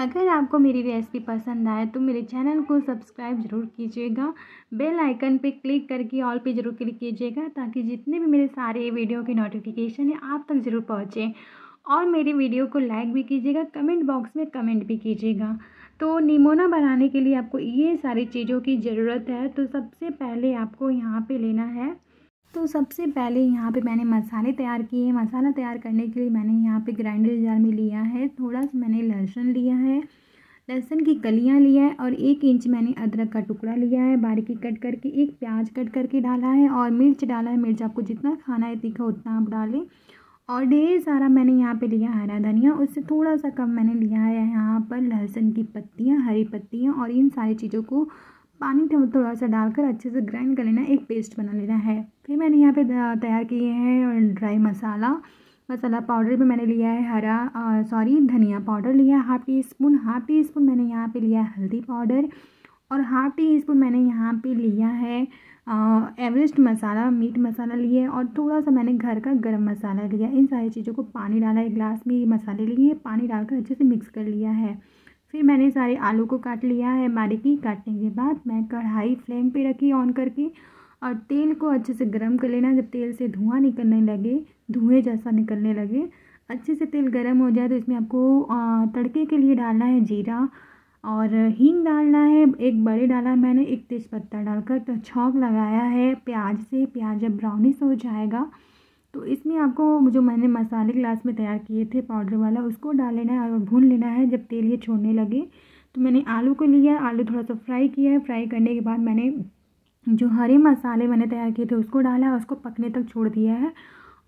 अगर आपको मेरी रेसिपी पसंद आए तो मेरे चैनल को सब्सक्राइब ज़रूर कीजिएगा बेल आइकन पे क्लिक करके ऑल पे ज़रूर क्लिक कीजिएगा ताकि जितने भी मेरे सारे वीडियो के नोटिफिकेशन हैं आप तक ज़रूर पहुँचें और मेरी वीडियो को लाइक भी कीजिएगा कमेंट बॉक्स में कमेंट भी कीजिएगा तो निमोना बनाने के लिए आपको ये सारी चीज़ों की ज़रूरत है तो सबसे पहले आपको यहाँ पे लेना है तो सबसे पहले यहाँ पे मैंने मसाले तैयार किए हैं मसाला तैयार करने के लिए मैंने यहाँ पे ग्राइंडर जार में लिया है थोड़ा सा मैंने लहसुन लिया है लहसुन की कलियाँ लिया है और एक इंच मैंने अदरक का टुकड़ा लिया है बारीकी कट करके एक प्याज कट करके डाला है और मिर्च डाला है मिर्च आपको जितना खाना है तीखा उतना आप डालें और ढेर सारा मैंने यहाँ पे लिया हरा धनिया उससे थोड़ा सा कम मैंने लिया है यहाँ पर लहसुन की पत्तियाँ हरी पत्तियाँ और इन सारी चीज़ों को पानी थोड़ा सा डालकर अच्छे से ग्राइंड कर लेना एक पेस्ट बना लेना है फिर मैंने यहाँ पे तैयार किए हैं ड्राई मसाला मसाला पाउडर भी मैंने लिया है हरा सॉरी धनिया पाउडर लिया half teaspoon half teaspoon मैंने यहाँ पे लिया है हल्दी पाउडर और हाफ टी स्पून मैंने यहाँ पे लिया है एवरेस्ट मसाला मीट मसाला लिए और थोड़ा सा मैंने घर का गर्म मसाला लिया इन सारी चीज़ों को पानी डाला एक ग्लास में मसाले लिए पानी डालकर अच्छे से मिक्स कर लिया है फिर मैंने सारे आलू को काट लिया है बारीकी काटने के बाद मैं कढ़ाई फ्लेम पे रखी ऑन करके और तेल को अच्छे से गर्म कर लेना जब तेल से धुआं निकलने लगे धुएँ जैसा निकलने लगे अच्छे से तेल गर्म हो जाए तो इसमें आपको तड़के के लिए डालना है जीरा और हींग डालना है एक बड़े डाला मैंने एक तेज़पत्ता डालकर तो छौंक लगाया है प्याज से प्याज जब ब्राउनिश हो जाएगा तो इसमें आपको जो मैंने मसाले ग्लास में तैयार किए थे पाउडर वाला उसको डाल लेना है और भून लेना है जब तेल ये छोड़ने लगे तो मैंने आलू को लिया आलू थोड़ा सा फ्राई किया है फ्राई करने के बाद मैंने जो हरे मसाले मैंने तैयार किए थे उसको डाला उसको पकने तक छोड़ दिया है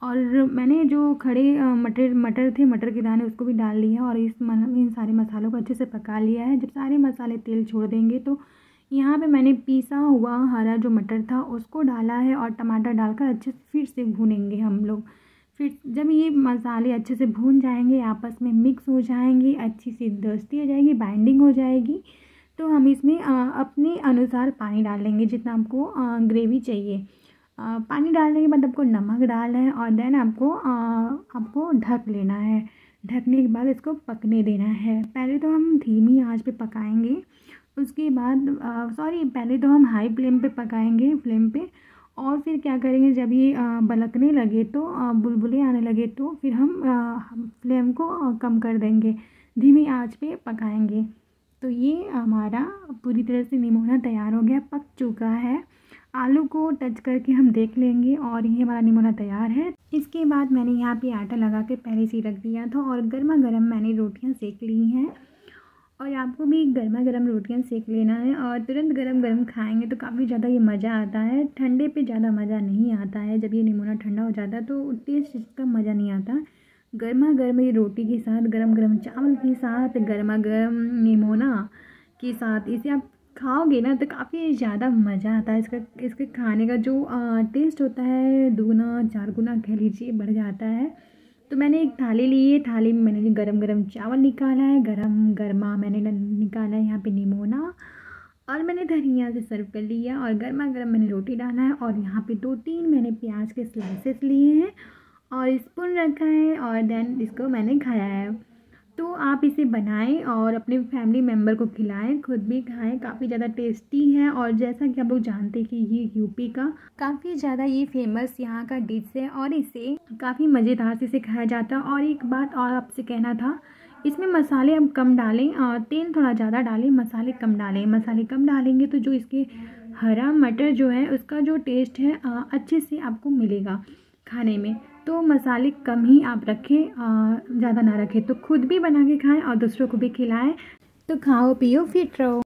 और मैंने जो खड़े मटर मटर थे मटर के दाने उसको भी डाल लिया और इस इन सारे मसालों को अच्छे से पका लिया है जब सारे मसाले तेल छोड़ देंगे तो यहाँ पे मैंने पीसा हुआ हरा जो मटर था उसको डाला है और टमाटर डालकर अच्छे से फिर से भूनेंगे हम लोग फिर जब ये मसाले अच्छे से भून जाएंगे आपस में मिक्स हो जाएंगे अच्छी सी दस्ती हो जाएगी बाइंडिंग हो जाएगी तो हम इसमें अपने अनुसार पानी डाल लेंगे जितना आपको ग्रेवी चाहिए पानी डालने के बाद आपको नमक डालना है और देन आपको आपको ढक लेना है ढकने के बाद इसको पकने देना है पहले तो हम धीमी आंच पे पकाएंगे उसके बाद सॉरी पहले तो हम हाई फ्लेम पे पकाएंगे फ्लेम पे और फिर क्या करेंगे जब ये बलकने लगे तो बुलबुले आने लगे तो फिर हम फ्लेम को कम कर देंगे धीमी आंच पे पकाएंगे तो ये हमारा पूरी तरह से निमोना तैयार हो गया पक चुका है आलू को टच करके हम देख लेंगे और ये हमारा निमोना तैयार है इसके बाद मैंने यहाँ पे आटा लगा के पहले से रख दिया था और गर्मा गर्म मैंने रोटियाँ सेक ली हैं और आपको भी गर्मा गर्म रोटियां सेक लेना है और तुरंत गर्म गर्म खाएंगे तो काफ़ी ज़्यादा ये मज़ा आता है ठंडे पे ज़्यादा मज़ा नहीं आता है जब ये निमोना ठंडा हो जाता है तो टेस्ट इसका मज़ा नहीं आता गर्मा गर्म ये रोटी के साथ गर्म गर्म चावल के साथ गर्मा गर्म निमोना के साथ इसे आप खाओगे ना तो काफ़ी ज़्यादा मज़ा आता है इसका इसके खाने का जो टेस्ट होता है दोगुना चार गुना कह लीजिए बढ़ जाता है तो मैंने एक थाली ली है थाली में मैंने गरम गरम चावल निकाला है गरम गर्मा मैंने निकाला है यहाँ पे निमोना और मैंने धनिया से सर्व कर लिया और गर्मा गर्म मैंने रोटी डाला है और यहाँ पे दो तीन मैंने प्याज के स्लाइसेस लिए हैं और स्पून रखा है और देन इसको मैंने खाया है तो आप इसे बनाएं और अपने फैमिली मेम्बर को खिलाएं खुद भी खाएं काफ़ी ज़्यादा टेस्टी है और जैसा कि आप लोग जानते हैं कि ये यूपी का काफ़ी ज़्यादा ये फेमस यहाँ का डिश है और इसे काफ़ी मज़ेदार से इसे खाया जाता है और एक बात और आपसे कहना था इसमें मसाले आप कम डालें और तेल थोड़ा ज़्यादा डालें मसाले कम डालें मसाले कम डालेंगे तो जो इसके हरा मटर जो है उसका जो टेस्ट है अच्छे से आपको मिलेगा खाने में तो मसाले कम ही आप रखें ज़्यादा ना रखें तो खुद भी बना के खाएं और दूसरों को भी खिलाएं तो खाओ पियो फिट रहो